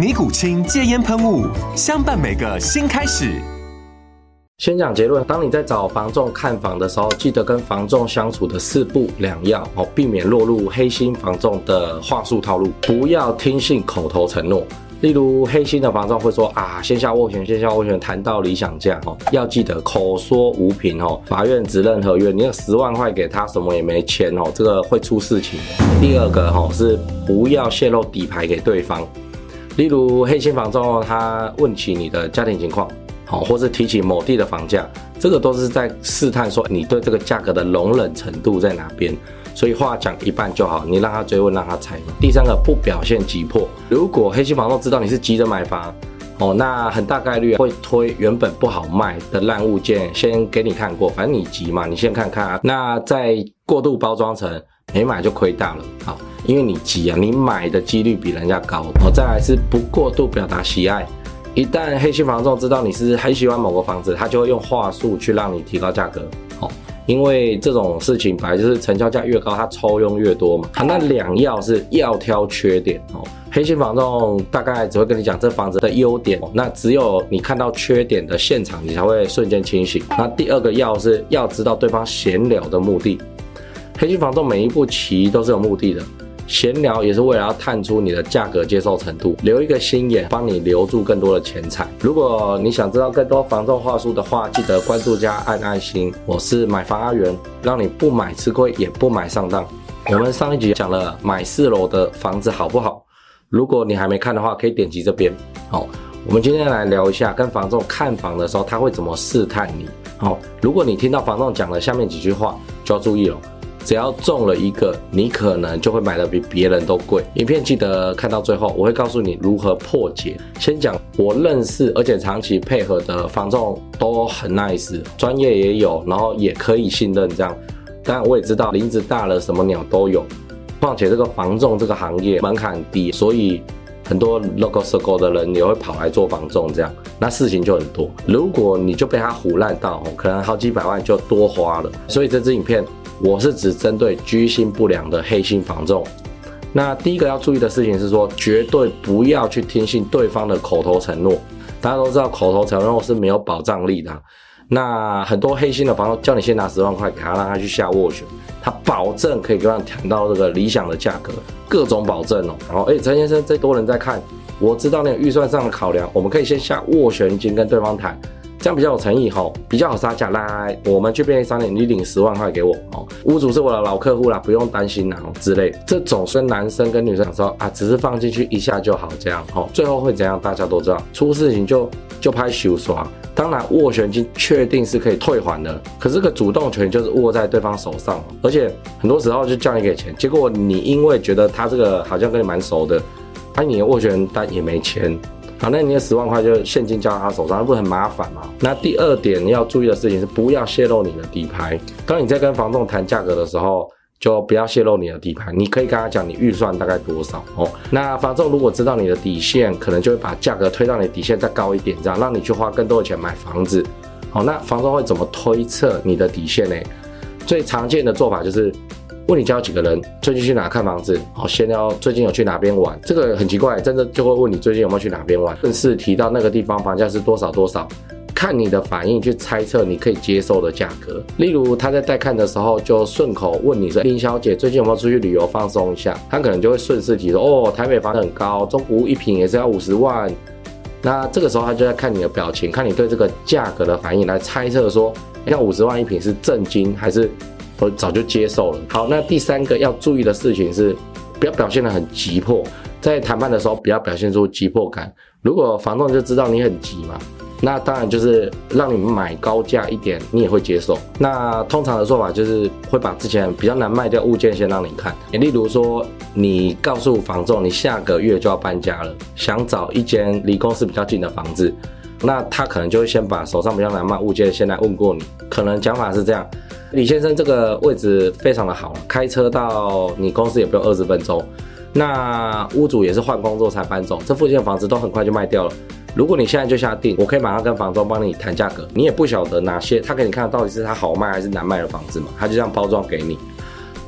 尼古清戒菸噴霧，相伴每個新開始。先講結論：當你在找房仲看房的時候，記得跟房仲相處的四不二要哦，避免落入黑心房仲的話術套路。不要聽信口頭承諾，例如黑心的房仲會說：“啊，先下斡旋，先下斡旋，談到理想價。”哦，要記得口說無憑哦，法院只認合約。你有十萬塊給他，什麼也沒簽哦，這個會出事情。第二個哦，是不要洩露底牌給對方。例如黑心房仲，他問起你的家庭情況，或是提起某地的房價，這個都是在試探說你對這個價格的容忍程度在哪邊。所以話講一半就好，你讓他追問，讓他猜。第三個，不表現急迫。如果黑心房仲知道你是急着買房，哦，那很大概率會推原本不好賣的爛物件先給你看過，反正你急嘛，你先看看啊。那再過度包裝成。沒買就虧大了，好、哦，因為你急啊，你買的幾率比人家高。好、哦，再來是不過度表達喜愛，一旦黑心房仲知道你是很喜歡某個房子，他就會用話術去讓你提高價格。哦，因為這種事情本來就是成交價越高，他抽佣越多嘛。好、啊，那兩要是要挑缺點，哦，黑心房仲大概只會跟你講這房子的優點，哦、那只有你看到缺點的現場，你才會瞬間清醒。那第二個要是要知道對方閒聊的目的。黑心房仲每一步棋都是有目的的，閒聊也是為了要探出你的價格接受程度，留一個心眼，幫你留住更多的錢財。如果你想知道更多房仲話術的話，記得關注加按愛心。我是買房阿元，讓你不買吃虧，也不買上當。我們上一集講了買四樓的房子好不好？如果你還沒看的話，可以點擊這邊。好，我們今天來聊一下跟房仲看房的時候，他會怎麼試探你。好，如果你聽到房仲講了下面幾句話，就要注意了。只要中了一個，你可能就會買的比別人都貴。影片記得看到最後，我會告訴你如何破解。先講我認識而且長期配合的房仲都很 nice，專業也有，然後也可以信任這樣。當然我也知道林子大了什麼鳥都有，況且這個房仲這個行業門檻低，所以。很多 local circle 的人也會跑來做房仲。這樣那事情就很多。如果你就被他唬爛到，可能好幾百萬就多花了。所以這支影片我是只針對居心不良的黑心房仲。那第一個要注意的事情是說，絕對不要去聽信對方的口頭承諾。大家都知道，口頭承諾是沒有保障力的啊。那很多黑心的房仲叫你先拿十萬塊給他，讓他去下斡旋，他保證可以讓你談到這個理想的價格，各種保證哦。然後，誒，陳先生這多人在看，我知道那個預算上的考量，我們可以先下斡旋金跟對方談，這樣比較有誠意哈，比較好殺價啦。我們去便利商店，你領十萬塊給我哦。屋主是我的老客戶啦，不用擔心啦，之類。這種是男生跟女生講說啊，只是放進去一下就好，這樣哦，最後會怎樣，大家都知道，出事情就就拍修耍。當然，斡旋金確定是可以退還的，可是這個主動權就是握在對方手上，而且很多時候就叫你給錢，結果你因為覺得他這個好像跟你蠻熟的，那、啊、你斡旋單也沒錢。好，那你的十萬塊就現金交到他手上，那不會很麻煩嗎？那第二點你要注意的事情是，不要泄露你的底牌。當你在跟房仲談價格的時候，就不要泄露你的底牌，你可以跟他講你預算大概多少哦。那房仲如果知道你的底線，可能就會把價格推到你的底線再高一點，這樣讓你去花更多的錢買房子。好、哦，那房仲會怎麼推測你的底線呢？最常見的做法就是問你家幾個人，最近去哪看房子，哦，先要最近有去哪邊玩，這個很奇怪，真的就會問你最近有沒有去哪邊玩，順勢提到那個地方房價是多少多少。看你的反應去猜測你可以接受的價格，例如他在帶看的時候就順口問你說：“說林小姐最近有沒有出去旅游放鬆一下？”他可能就會順勢提出：“哦，台北房子很高，中古一坪也是要五十萬。”那這個時候他就在看你的表情，看你對這個價格的反應來猜測說，要五十萬一坪是震驚還是我早就接受了。好，那第三個要注意的事情是，不要表現得很急迫，在談判的時候不要表現出急迫感，如果房東就知道你很急嘛。那當然就是讓你買高價一點，你也會接受。那通常的做法就是會把之前比較難賣掉物件先讓你看。例如說，你告訴房仲你下個月就要搬家了，想找一間離公司比較近的房子，那他可能就會先把手上比較難賣物件先來問過你。可能講法是這樣，李先生這個位置非常的好，開車到你公司也不用二十分鐘。那屋主也是換工作才搬走，這附近的房子都很快就賣掉了。如果你現在就下定，我可以馬上跟房東幫你談價格。你也不曉得哪些他給你看到，到底是他好賣還是難賣的房子嘛？他就這樣包裝給你。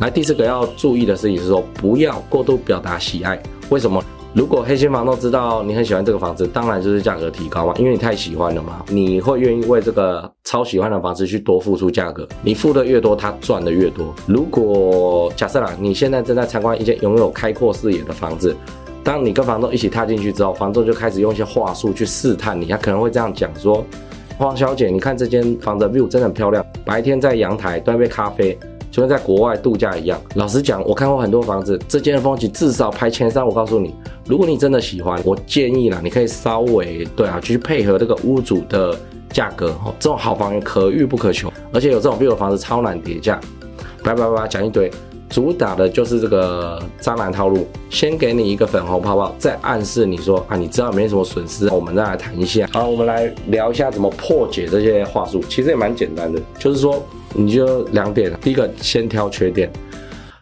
來，第四個要注意的事情是說，不要過度表達喜愛。為什麼？如果黑心房東知道你很喜歡這個房子，當然就是價格提高嘛，因為你太喜歡了嘛。你會願意為這個超喜歡的房子去多付出價格？你付的越多，他賺的越多。如果假設啦，你現在正在參觀一間擁有開闊視野的房子。當你跟房仲一起踏進去之後，房仲就開始用一些話術去試探你，他可能會這樣講說：“黃小姐，你看這間房子的 view 真的很漂亮，白天在陽台端杯咖啡，就跟在國外度假一樣。”老實講，我看過很多房子，這間的風景至少排前三。我告訴你，如果你真的喜歡，我建議啦，你可以稍微對啊，去配合這個屋主的價格哈。這種好房源可遇不可求，而且有這種 view 的房子超難跌價。拜拜拜拜，講一堆。主打的就是這個渣男套路，先給你一個粉紅泡泡，再暗示你說啊，你知道沒什麼損失，我們再來談一下。好，我們來聊一下怎麼破解這些話術，其實也蠻簡單的，就是說你就兩點，第一個先挑缺點。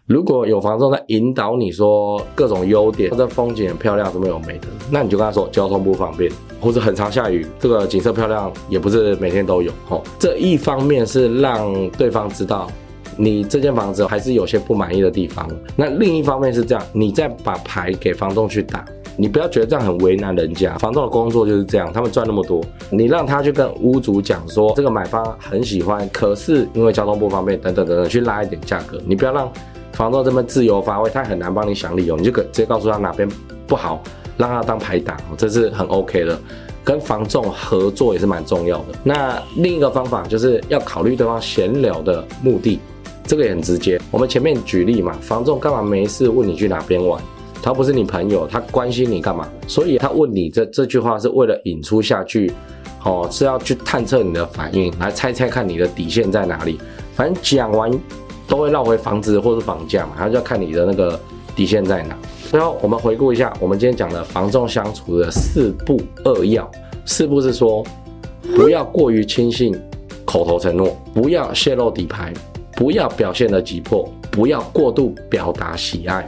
如果有房仲在引導你說各種優點，這風景很漂亮，這麼有美的，那你就跟他說交通不方便，或者很常下雨，這個景色漂亮也不是每天都有。哦，這一方面是讓對方知道。你這間房子還是有些不滿意的地方。那另一方面是這樣，你再把牌給房仲去打，你不要覺得這樣很為難人家。房仲的工作就是這樣，他們賺那麼多，你讓他去跟屋主講說這個買方很喜歡，可是因為交通不方便，等等等等，去拉一點價格。你不要讓房仲這麼自由發揮，他很難幫你想理由。你就可直接告訴他哪邊不好，讓他當牌打，這是很 OK 的。跟房仲合作也是蠻重要的。那另一個方法就是要考慮對方閒聊的目的。這個也很直接，我們前面舉例嘛，房仲幹嘛沒事問你去哪邊玩？他不是你朋友，他關心你幹嘛？所以他問你這這句話是為了引出下去，哦，是要去探測你的反應，來猜猜看你的底線在哪裡。反正講完都會繞回房子或是房價嘛，他就要看你的那個底線在哪。最後我們回顧一下，我們今天講的房仲相處的四不二要，四不是說不要過於輕信口頭承諾，不要泄露底牌。不要表現得急迫，不要過度表達喜愛。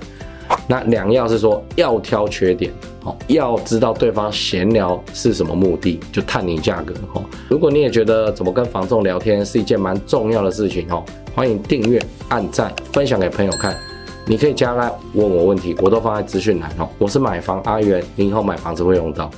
那兩要是說，要挑缺點，好，要知道對方閒聊是什麼目的，就探你價格，哈。如果你也覺得怎麼跟房仲聊天是一件蠻重要的事情，哈，歡迎訂閱、按讚、分享給朋友看。你可以加來問我問題，我都放在資訊欄，哈。我是買房阿元，你以後買房子會用到。